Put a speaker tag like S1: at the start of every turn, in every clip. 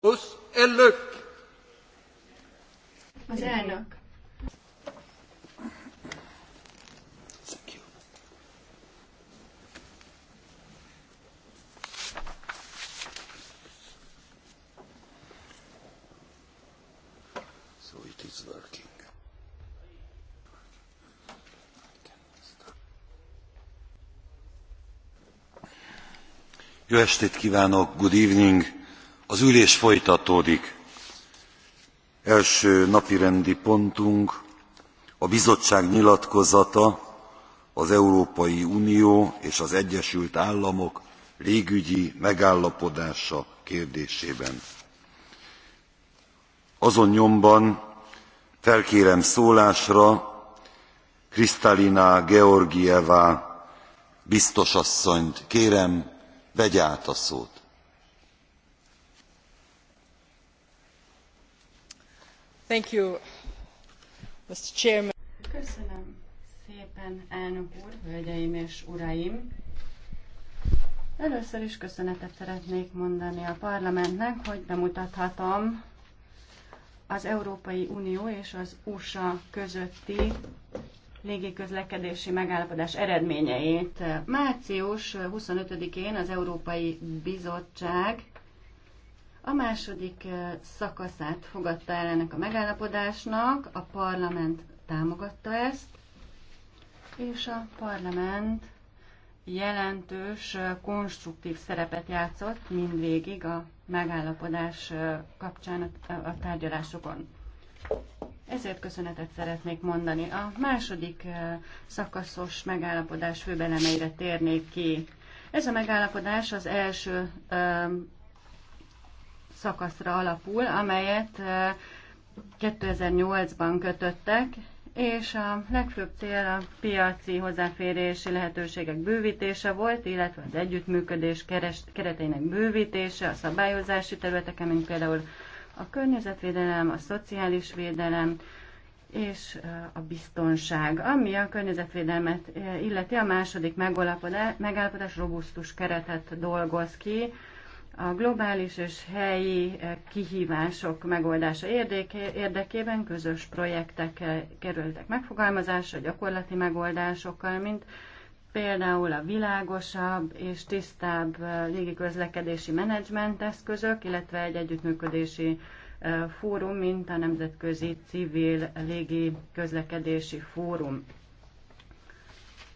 S1: Az elnök!
S2: Az elnök.
S1: Jó estét kívánok, good evening! az ülés folytatódik. első napirendi pontunk a bizottság nyilatkozata az európai unió és az egyesült államok légügyi megállapodása kérdésében. azon nyomban felkérem szólásra kristalina Georgieva. biztos asszonyt kérem vegye át a szót.
S3: Köszönöm
S2: szépen, elnök úr, hölgyeim és uraim! Először is köszönetet szeretnék mondani a parlamentnek, hogy bemutathatom az Európai Unió és az USA közötti légiközlekedési megállapodás eredményeit. Március 25-én az Európai Bizottság a második szakaszát fogadta el ennek a megállapodásnak, a parlament támogatta ezt, és a parlament jelentős, konstruktív szerepet játszott mindvégig a megállapodás kapcsán a tárgyalásokon. Ezért köszönetet szeretnék mondani. A második szakaszos megállapodás főbelemeire térnék ki. Ez a megállapodás az első szakaszra alapul, amelyet 2008-ban kötöttek, és a legfőbb cél a piaci hozzáférési lehetőségek bővítése volt, illetve az együttműködés keres, kereteinek bővítése a szabályozási területeken, mint például a környezetvédelem, a szociális védelem és a biztonság. Ami a környezetvédelmet illeti, a második megállapodás robusztus keretet dolgoz ki, a globális és helyi eh, kihívások megoldása érdekében közös projektek kerültek megfogalmazásra, gyakorlati megoldásokkal, mint például a világosabb és tisztább eh, légiközlekedési menedzsment eszközök, illetve egy együttműködési eh, fórum, mint a Nemzetközi Civil Légi Közlekedési Fórum.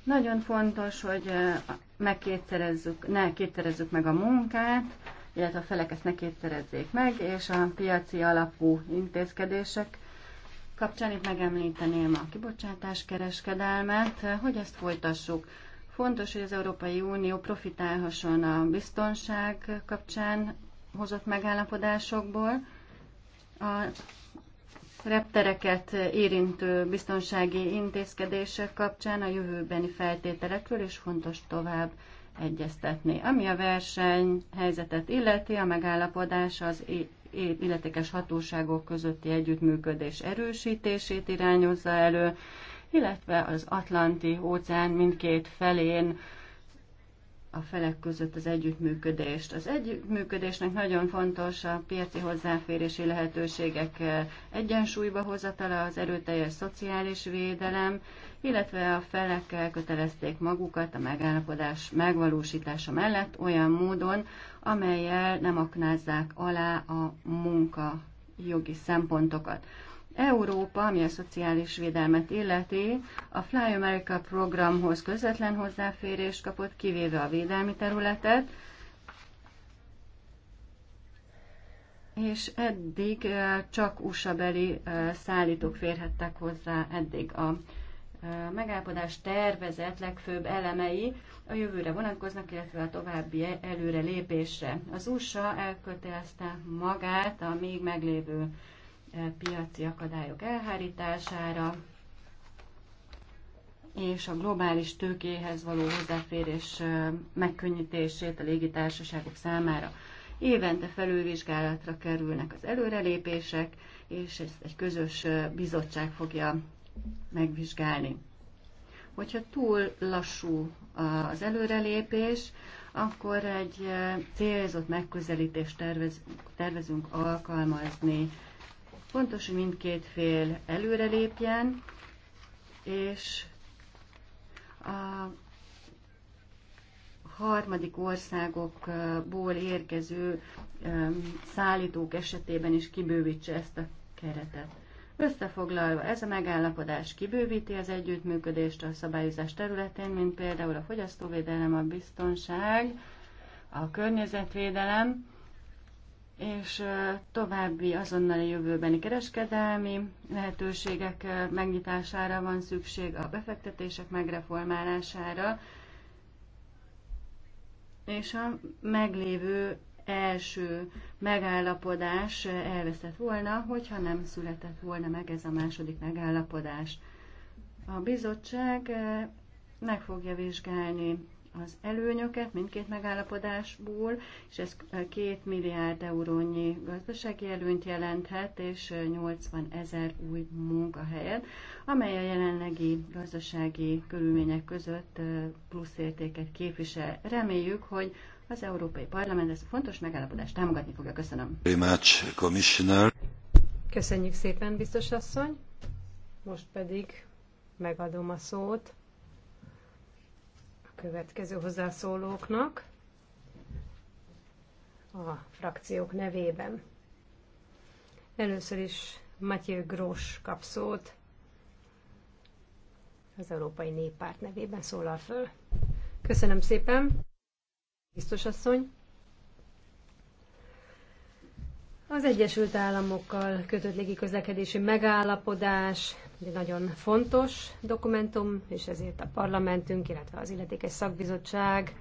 S2: Nagyon fontos, hogy meg kétszerezzük, ne kétszerezzük meg a munkát, illetve a felek ezt ne kétszerezzék meg, és a piaci alapú intézkedések kapcsán itt megemlíteném a kibocsátás kereskedelmet, hogy ezt folytassuk. Fontos, hogy az Európai Unió profitálhasson a biztonság kapcsán hozott megállapodásokból, a reptereket érintő biztonsági intézkedések kapcsán a jövőbeni feltételekről is fontos tovább egyeztetni. Ami a versenyhelyzetet illeti, a megállapodás az illetékes hatóságok közötti együttműködés erősítését irányozza elő, illetve az Atlanti óceán mindkét felén a felek között az együttműködést. Az együttműködésnek nagyon fontos a piaci hozzáférési lehetőségek egyensúlyba hozatala, az erőteljes szociális védelem, illetve a felek kötelezték magukat a megállapodás megvalósítása mellett olyan módon, amelyel nem aknázzák alá a munka jogi szempontokat. Európa, ami a szociális védelmet illeti, a Fly America programhoz közvetlen hozzáférést kapott, kivéve a védelmi területet, és eddig eh, csak USA beli eh, szállítók férhettek hozzá eddig a eh, megállapodás tervezett legfőbb elemei a jövőre vonatkoznak, illetve a további előrelépésre. Az USA elkötelezte magát a még meglévő piaci akadályok elhárítására és a globális tőkéhez való hozzáférés megkönnyítését a légitársaságok számára. Évente felülvizsgálatra kerülnek az előrelépések, és ezt egy közös bizottság fogja megvizsgálni. Hogyha túl lassú az előrelépés, akkor egy célzott megközelítést tervezünk alkalmazni Fontos, hogy mindkét fél előrelépjen, és a harmadik országokból érkező szállítók esetében is kibővítse ezt a keretet. Összefoglalva, ez a megállapodás kibővíti az együttműködést a szabályozás területén, mint például a fogyasztóvédelem, a biztonság, a környezetvédelem, és további azonnali jövőbeni kereskedelmi lehetőségek megnyitására van szükség, a befektetések megreformálására, és a meglévő első megállapodás elveszett volna, hogyha nem született volna meg ez a második megállapodás. A bizottság meg fogja vizsgálni az előnyöket mindkét megállapodásból, és ez két milliárd eurónyi gazdasági előnyt jelenthet, és 80 ezer új munkahelyet, amely a jelenlegi gazdasági körülmények között pluszértéket képvisel. Reméljük, hogy az Európai Parlament ezt a fontos megállapodást támogatni fogja. Köszönöm. Köszönjük szépen, biztos asszony. Most pedig
S4: megadom a szót következő hozzászólóknak a frakciók nevében. Először is Matyő Grós kap szót, az Európai Néppárt nevében szólal föl. Köszönöm szépen, biztos asszony. Az Egyesült Államokkal kötött közlekedési megállapodás egy nagyon fontos dokumentum, és ezért a parlamentünk, illetve az illetékes szakbizottság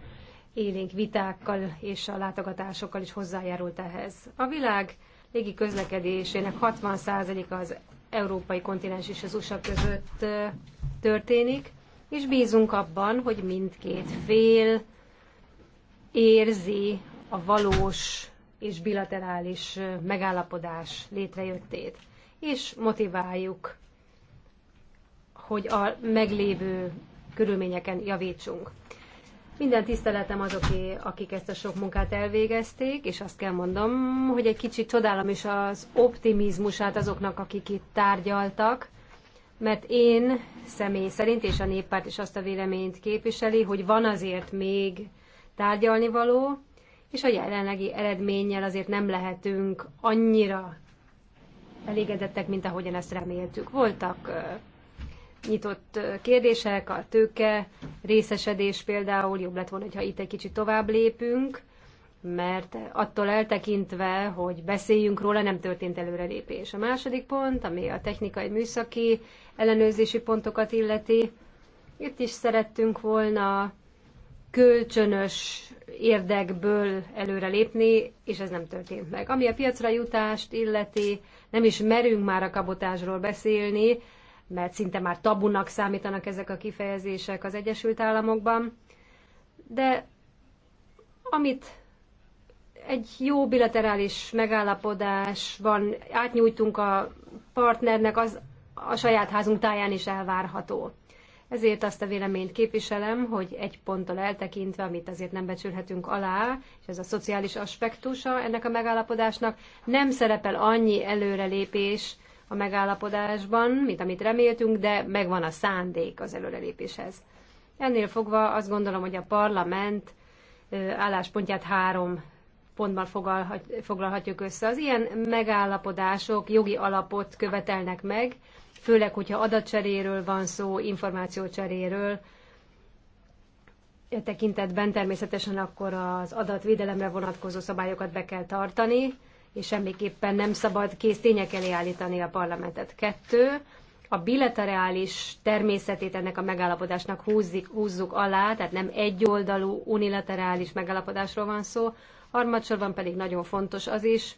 S4: élénk vitákkal és a látogatásokkal is hozzájárult ehhez. A világ légi közlekedésének 60%-a az európai kontinens és az USA között történik, és bízunk abban, hogy mindkét fél érzi a valós és bilaterális megállapodás létrejöttét, és motiváljuk hogy a meglévő körülményeken javítsunk. Minden tiszteletem azoké, akik ezt a sok munkát elvégezték, és azt kell mondom, hogy egy kicsit csodálom is az optimizmusát azoknak, akik itt tárgyaltak, mert én személy szerint, és a néppárt is azt a véleményt képviseli, hogy van azért még tárgyalni való, és a jelenlegi eredménnyel azért nem lehetünk annyira elégedettek, mint ahogyan ezt reméltük. Voltak nyitott kérdések, a tőke részesedés például, jobb lett volna, ha itt egy kicsit tovább lépünk, mert attól eltekintve, hogy beszéljünk róla, nem történt előrelépés. A második pont, ami a technikai műszaki ellenőrzési pontokat illeti, itt is szerettünk volna kölcsönös érdekből előrelépni, és ez nem történt meg. Ami a piacra jutást illeti, nem is merünk már a kabotásról beszélni, mert szinte már tabunak számítanak ezek a kifejezések az Egyesült Államokban, de amit egy jó bilaterális megállapodás van átnyújtunk a partnernek, az a saját házunk táján is elvárható. Ezért azt a véleményt képviselem, hogy egy ponttal eltekintve, amit azért nem becsülhetünk alá, és ez a szociális aspektusa ennek a megállapodásnak, nem szerepel annyi előrelépés, a megállapodásban, mint amit reméltünk, de megvan a szándék az előrelépéshez. Ennél fogva azt gondolom, hogy a parlament álláspontját három pontban foglalhatjuk össze. Az ilyen megállapodások jogi alapot követelnek meg, főleg, hogyha adatcseréről van szó, információcseréről, e tekintetben természetesen akkor az adatvédelemre vonatkozó szabályokat be kell tartani, és semmiképpen nem szabad kész tények elé állítani a parlamentet. Kettő, a bilaterális természetét ennek a megállapodásnak húzzik, húzzuk alá, tehát nem egyoldalú unilaterális megállapodásról van szó. Harmadsorban pedig nagyon fontos az is,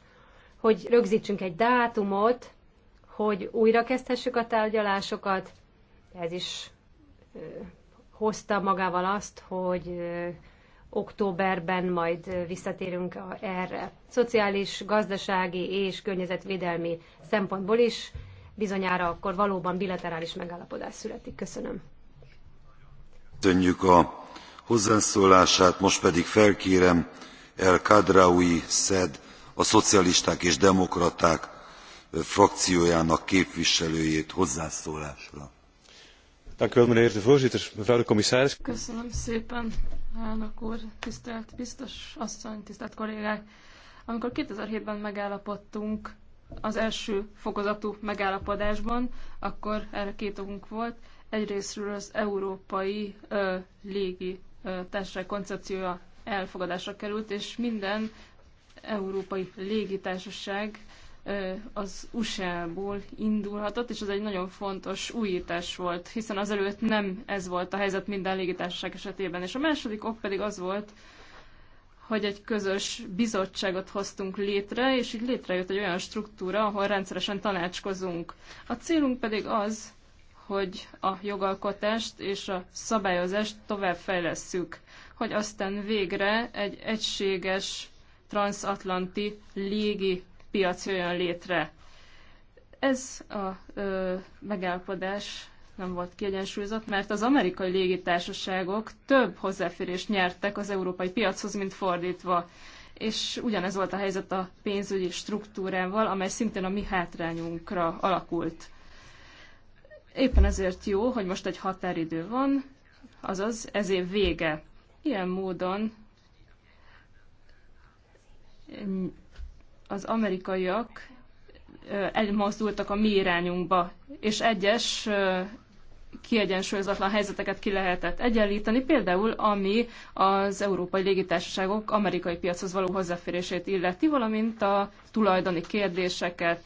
S4: hogy rögzítsünk egy dátumot, hogy újra kezdhessük a tárgyalásokat. Ez is hozta magával azt, hogy októberben majd visszatérünk erre. Szociális, gazdasági és környezetvédelmi szempontból is bizonyára akkor valóban bilaterális megállapodás születik. Köszönöm.
S1: Köszönjük a hozzászólását, most pedig felkérem El Kadraoui Szed, a szocialisták és demokraták frakciójának képviselőjét hozzászólásra. Köszönöm
S3: szépen, elnök úr, tisztelt biztos asszony, tisztelt kollégák. Amikor 2007-ben megállapodtunk az első fokozatú megállapodásban, akkor erre két okunk volt. Egyrésztről az európai ö, légi társaság koncepciója elfogadásra került, és minden európai légitársaság az USA-ból indulhatott, és ez egy nagyon fontos újítás volt, hiszen azelőtt nem ez volt a helyzet minden légitársaság esetében. És a második ok pedig az volt, hogy egy közös bizottságot hoztunk létre, és így létrejött egy olyan struktúra, ahol rendszeresen tanácskozunk. A célunk pedig az, hogy a jogalkotást és a szabályozást továbbfejlesszük, hogy aztán végre egy egységes transatlanti légi piac jön létre. Ez a ö, megállapodás nem volt kiegyensúlyozott, mert az amerikai légitársaságok több hozzáférést nyertek az európai piachoz, mint fordítva. És ugyanez volt a helyzet a pénzügyi struktúrával, amely szintén a mi hátrányunkra alakult. Éppen ezért jó, hogy most egy határidő van, azaz ez év vége. Ilyen módon az amerikaiak elmozdultak a mi irányunkba, és egyes kiegyensúlyozatlan helyzeteket ki lehetett egyenlíteni, például ami az európai légitársaságok amerikai piachoz való hozzáférését illeti, valamint a tulajdoni kérdéseket,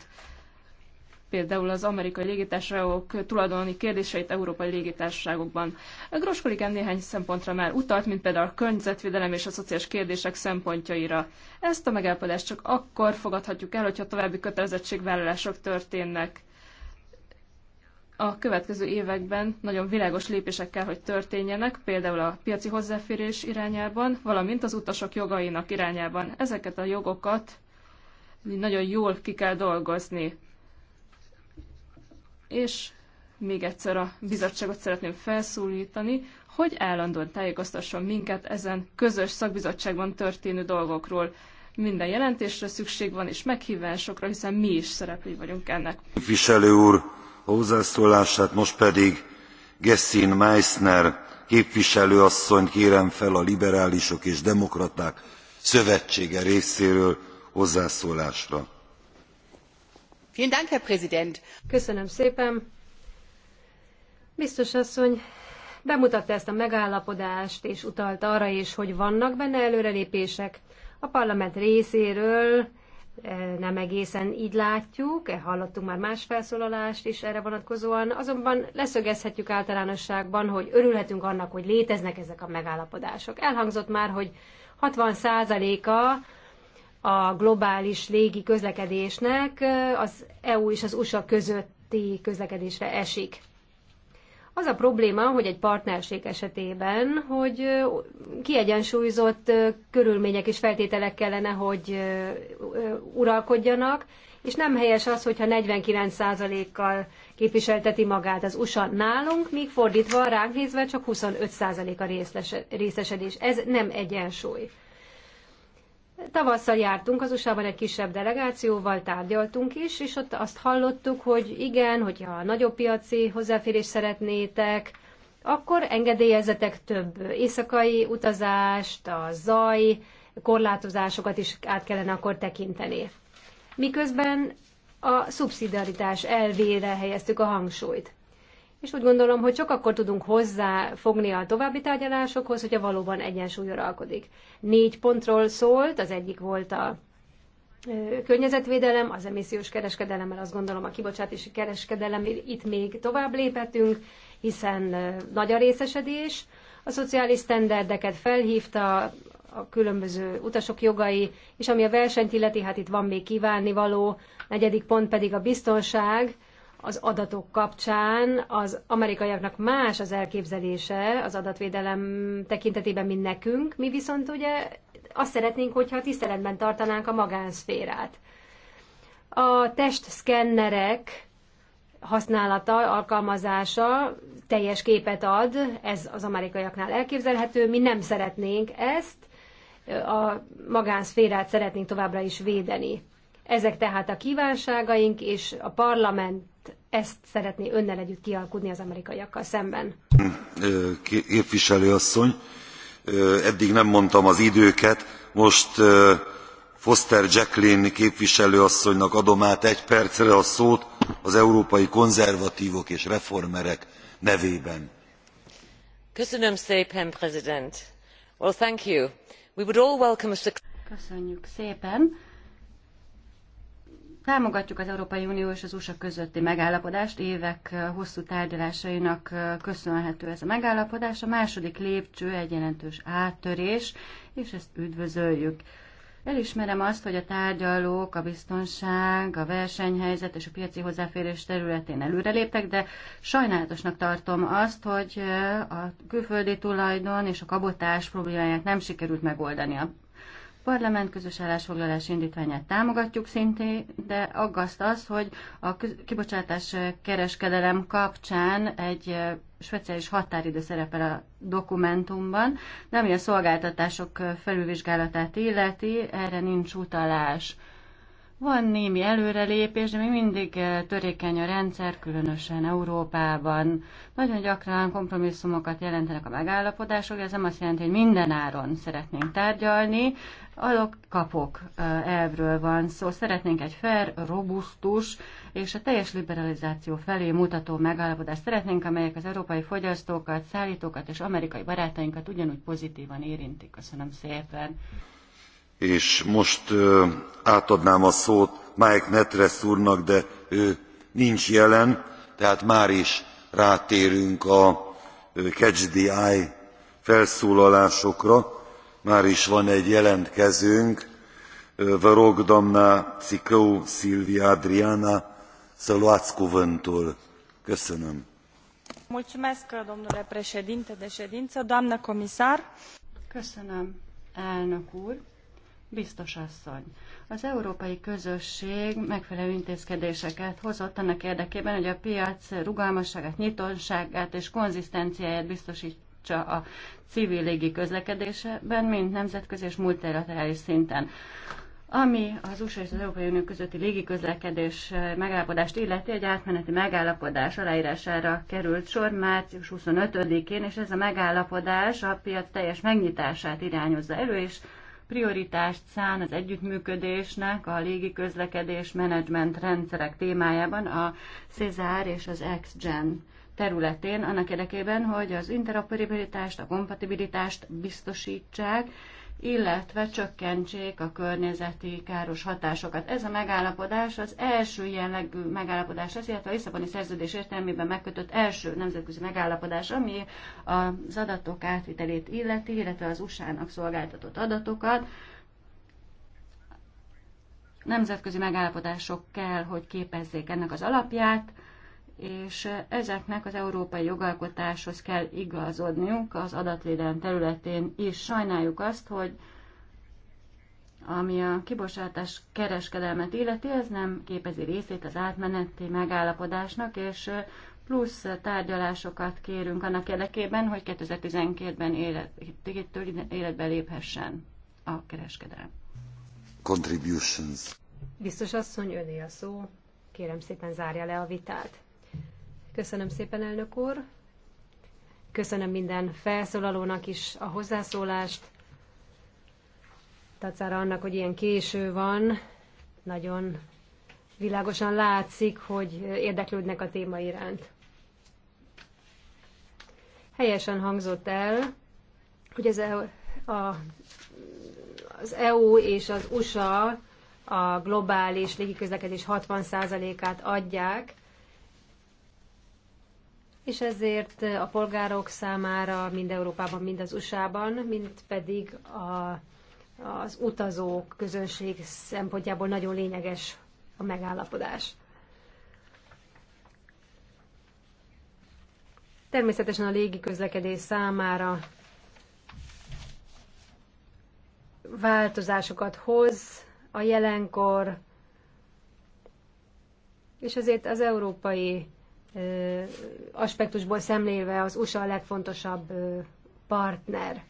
S3: például az amerikai légitársaságok tulajdoni kérdéseit európai légitársaságokban. Gros kollégám néhány szempontra már utalt, mint például a környezetvédelem és a szociális kérdések szempontjaira. Ezt a megállapodást csak akkor fogadhatjuk el, hogyha további kötelezettségvállalások történnek. A következő években nagyon világos kell, hogy történjenek, például a piaci hozzáférés irányában, valamint az utasok jogainak irányában. Ezeket a jogokat nagyon jól ki kell dolgozni és még egyszer a bizottságot szeretném felszólítani, hogy állandóan tájékoztasson minket ezen közös szakbizottságban történő dolgokról. Minden jelentésre szükség van, és meghívásokra, hiszen mi is szereplői vagyunk ennek.
S1: Viselő úr hozzászólását most pedig Gessin Meissner képviselőasszonyt kérem fel a liberálisok és demokraták szövetsége részéről hozzászólásra
S4: herr präsident! köszönöm szépen! biztos asszony bemutatta ezt a megállapodást és utalt arra is hogy vannak benne előrelépések a parlament részéről eh, nem egészen gy látjuk, eh, hallottunk már más felszólalást is erre vonatkozóan, azonban leszögezhetjük általánosságban, hogy örülhetünk annak, hogy léteznek ezek a megállapodások. Elhangzott már, hogy 60%-a a globális légi közlekedésnek az EU és az USA közötti közlekedésre esik. Az a probléma, hogy egy partnerség esetében, hogy kiegyensúlyozott körülmények és feltételek kellene, hogy uralkodjanak, és nem helyes az, hogyha 49%-kal képviselteti magát az USA nálunk, míg fordítva ránk nézve csak 25% a részesedés. Ez nem egyensúly. Tavasszal jártunk az USA-ban egy kisebb delegációval, tárgyaltunk is, és ott azt hallottuk, hogy igen, hogyha nagyobb piaci hozzáférés szeretnétek, akkor engedélyezetek több éjszakai utazást, a zaj, korlátozásokat is át kellene akkor tekinteni. Miközben a szubszidaritás elvére helyeztük a hangsúlyt és úgy gondolom, hogy csak akkor tudunk hozzáfogni a további tárgyalásokhoz, hogyha valóban egyensúly uralkodik. Négy pontról szólt, az egyik volt a környezetvédelem, az emissziós kereskedelemmel azt gondolom a kibocsátási kereskedelem, itt még tovább léphetünk, hiszen nagy a részesedés. A szociális sztenderdeket felhívta a különböző utasok jogai, és ami a versenyt illeti, hát itt van még kívánnivaló. Negyedik pont pedig a biztonság, az adatok kapcsán az amerikaiaknak más az elképzelése az adatvédelem tekintetében, mint nekünk. Mi viszont ugye azt szeretnénk, hogyha tiszteletben tartanánk a magánszférát. A testszkennerek használata, alkalmazása teljes képet ad, ez az amerikaiaknál elképzelhető, mi nem szeretnénk ezt, a magánszférát szeretnénk továbbra is védeni. Ezek tehát a kívánságaink, és a parlament ezt szeretné önnel együtt kialkudni az amerikaiakkal szemben.
S1: Képviselőasszony, eddig nem mondtam az időket, most Foster Jacqueline képviselőasszonynak adom át egy percre a szót az európai konzervatívok és reformerek nevében.
S2: Köszönöm szépen, President. Well, thank you. We would all welcome a... Köszönjük szépen Támogatjuk az Európai Unió és az USA közötti megállapodást, évek eh, hosszú tárgyalásainak eh, köszönhető ez a megállapodás. A második lépcső egy jelentős áttörés, és ezt üdvözöljük. Elismerem azt, hogy a tárgyalók, a biztonság, a versenyhelyzet és a piaci hozzáférés területén előreléptek, de sajnálatosnak tartom azt, hogy eh, a külföldi tulajdon és a kabotás problémáját nem sikerült megoldani. A parlament közös állásfoglalás indítványát támogatjuk szintén, de aggaszt az, hogy a kibocsátás kereskedelem kapcsán egy speciális határidő szerepel a dokumentumban, de ami a szolgáltatások felülvizsgálatát illeti, erre nincs utalás. Van némi előrelépés, de még mindig eh, törékeny a rendszer, különösen Európában. Nagyon gyakran kompromisszumokat jelentenek a megállapodások, ez nem azt jelenti, hogy minden áron szeretnénk tárgyalni. Azok kapok eh, elvről van szó. Szeretnénk egy fair, robusztus és a teljes liberalizáció felé mutató megállapodást. Szeretnénk, amelyek az európai fogyasztókat, szállítókat és amerikai barátainkat ugyanúgy pozitívan érintik. Köszönöm szépen
S1: és most átadnám a szót mike nedrest úrnak de ő nincs jelen tehát máris rátérünk a catch the eye felszólalásokra máris van egy jelentkezőnk verogdamna icău silvia adriana să luați cuvântul. köszönöm.
S2: Mulțumesc, domnule președinte de ședință, doamnă comisar. Köszönöm, elnök úr. Biztos asszony, az európai közösség megfelelő intézkedéseket hozott annak érdekében, hogy a piac rugalmasságát, nyitottságát és konzisztenciáját biztosítsa a civil légi közlekedésben, mint nemzetközi és multilaterális szinten. Ami az USA és az Európai Unió közötti légiközlekedés megállapodást illeti, egy átmeneti megállapodás aláírására került sor március 25-én, és ez a megállapodás a piac teljes megnyitását irányozza elő, és prioritást szán az együttműködésnek a légi közlekedés menedzsment rendszerek témájában a CESAR és az XGEN területén, annak érdekében, hogy az interoperabilitást, a kompatibilitást biztosítsák, illetve csökkentsék a környezeti káros hatásokat. Ez a megállapodás az első jellegű megállapodás, ez illetve a Lisszaboni szerződés értelmében megkötött első nemzetközi megállapodás, ami az adatok átvitelét illeti, illetve az USA-nak szolgáltatott adatokat. Nemzetközi megállapodások kell, hogy képezzék ennek az alapját, és ezeknek az európai jogalkotáshoz kell igazodniuk az adatvédelem területén is. Sajnáljuk azt, hogy ami a kibocsátás kereskedelmet illeti, ez nem képezi részét az átmeneti megállapodásnak, és plusz tárgyalásokat kérünk annak érdekében, hogy 2012-ben élet, életbe léphessen a kereskedelem.
S1: Contributions.
S2: Biztos asszony, öné
S4: a szó. Kérem szépen zárja le a vitát. Köszönöm szépen, elnök úr. Köszönöm minden felszólalónak is a hozzászólást. Tacára annak, hogy ilyen késő van, nagyon világosan látszik, hogy érdeklődnek a téma iránt. Helyesen hangzott el, hogy ez a, e a, az EU és az USA a globális légiközlekedés 60%-át adják, és ezért a polgárok számára mind Európában, mind az USA-ban, mint pedig a, az utazók közönség szempontjából nagyon lényeges a megállapodás. Természetesen a légi közlekedés számára változásokat hoz a jelenkor, és ezért az európai aspektusból szemléve az USA a legfontosabb partner.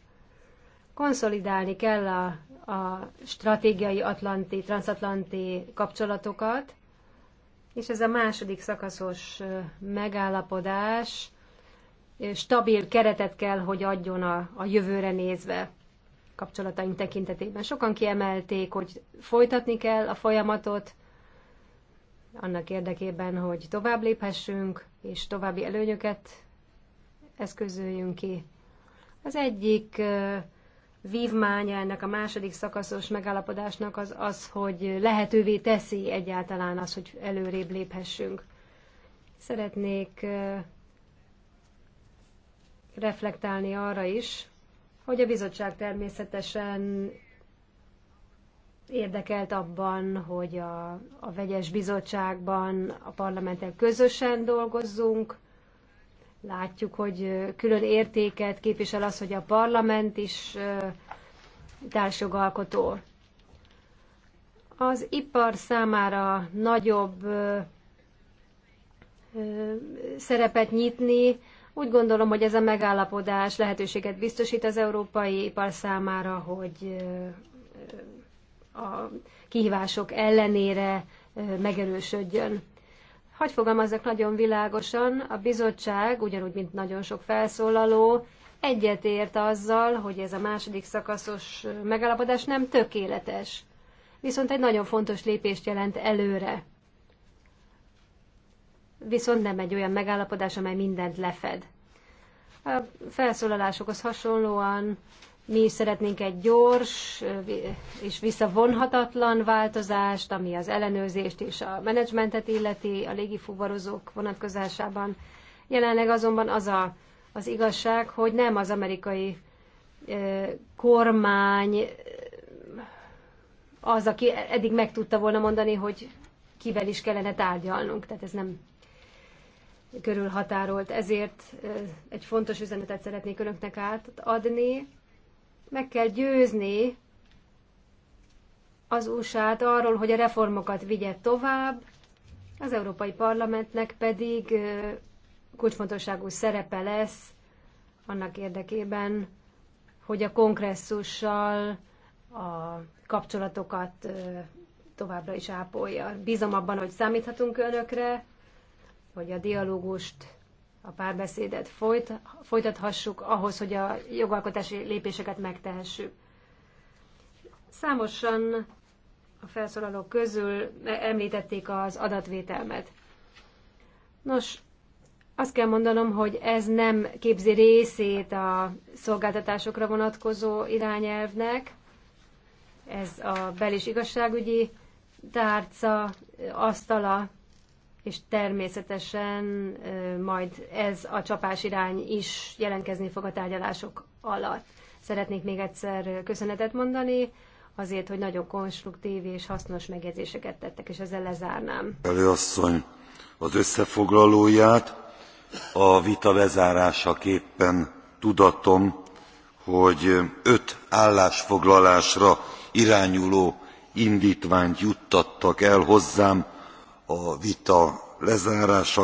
S4: Konszolidálni kell a, a stratégiai atlanti, transatlanti kapcsolatokat, és ez a második szakaszos megállapodás stabil keretet kell, hogy adjon a, a jövőre nézve kapcsolataink tekintetében. Sokan kiemelték, hogy folytatni kell a folyamatot, annak érdekében, hogy tovább léphessünk, és további előnyöket eszközöljünk ki. Az egyik vívmánya ennek a második szakaszos megállapodásnak az az, hogy lehetővé teszi egyáltalán az, hogy előrébb léphessünk. Szeretnék reflektálni arra is, hogy a bizottság természetesen érdekelt abban, hogy a, a vegyes bizottságban a parlamenttel közösen dolgozzunk. Látjuk, hogy külön értéket képvisel az, hogy a parlament is társjogalkotó. Az ipar számára nagyobb szerepet nyitni, úgy gondolom, hogy ez a megállapodás lehetőséget biztosít az európai ipar számára, hogy a kihívások ellenére megerősödjön. Hogy fogalmazzak nagyon világosan, a bizottság, ugyanúgy, mint nagyon sok felszólaló, egyetért azzal, hogy ez a második szakaszos megállapodás nem tökéletes, viszont egy nagyon fontos lépést jelent előre. Viszont nem egy olyan megállapodás, amely mindent lefed. A felszólalásokhoz hasonlóan mi is szeretnénk egy gyors és visszavonhatatlan változást, ami az ellenőrzést és a menedzsmentet illeti a légifuvarozók vonatkozásában. Jelenleg azonban az a, az igazság, hogy nem az amerikai kormány az, aki eddig meg tudta volna mondani, hogy kivel is kellene tárgyalnunk. Tehát ez nem körülhatárolt. Ezért egy fontos üzenetet szeretnék önöknek átadni. Meg kell győzni az usa arról, hogy a reformokat vigye tovább, az Európai Parlamentnek pedig kulcsfontosságú szerepe lesz annak érdekében, hogy a kongresszussal a kapcsolatokat továbbra is ápolja. Bízom abban, hogy számíthatunk önökre, hogy a dialógust a párbeszédet folyt, folytathassuk ahhoz, hogy a jogalkotási lépéseket megtehessük. Számosan a felszólalók közül említették az adatvételmet. Nos, azt kell mondanom, hogy ez nem képzi részét a szolgáltatásokra vonatkozó irányelvnek. Ez a belis igazságügyi tárca asztala és természetesen majd ez a csapás irány is jelentkezni fog a tárgyalások alatt. Szeretnék még egyszer köszönetet mondani, azért, hogy nagyon konstruktív és hasznos megjegyzéseket tettek, és ezzel lezárnám.
S1: Előasszony az összefoglalóját, a vita bezárásaképpen tudatom, hogy öt állásfoglalásra irányuló indítványt juttattak el hozzám a vita lezárása.